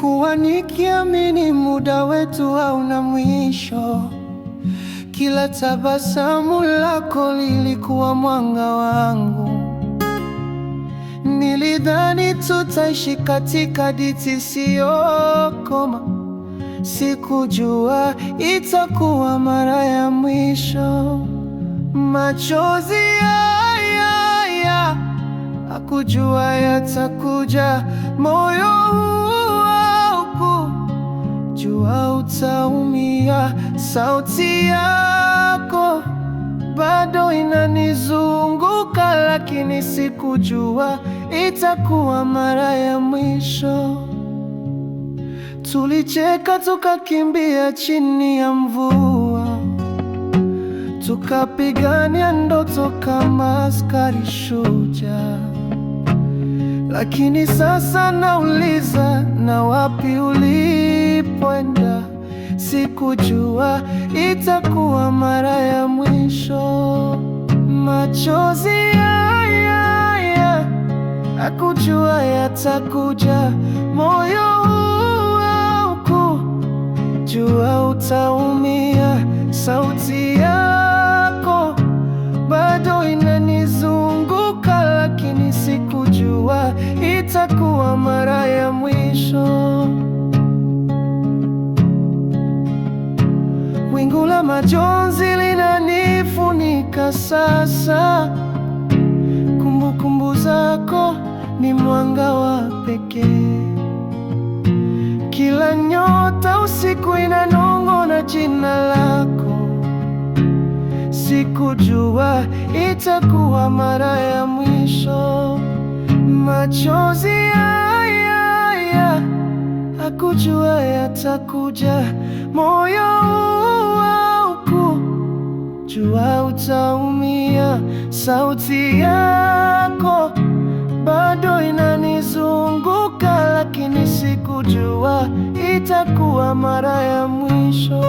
kuwa nikiamini muda wetu hauna mwisho. Kila tabasamu lako lilikuwa mwanga wangu. Nilidhani tutaishi katika diti siyokoma sikujua itakuwa mara ya mwisho. Machozi haya hakujua yatakuja moyo huu utaumia. Sauti yako bado inanizunguka, lakini sikujua itakuwa mara ya mwisho. Tulicheka tukakimbia chini ya mvua, tukapigania ndoto kama askari shuja Lakini sasa nauliza, na wapi uli sikujua itakuwa mara ya mwisho. Machozi haya ya hakujua yatakuja, moyo wauku jua utaumia. Sauti yako bado inanizunguka, lakini sikujua itakuwa mara majonzi linanifunika sasa. Kumbukumbu kumbu zako ni mwanga wa pekee, kila nyota usiku inanong'ona jina lako. Sikujua itakuwa mara ya mwisho, machozi haya hakujua yatakuja moyo jua utaumia. Sauti yako bado inanizunguka, lakini sikujua itakuwa mara ya mwisho.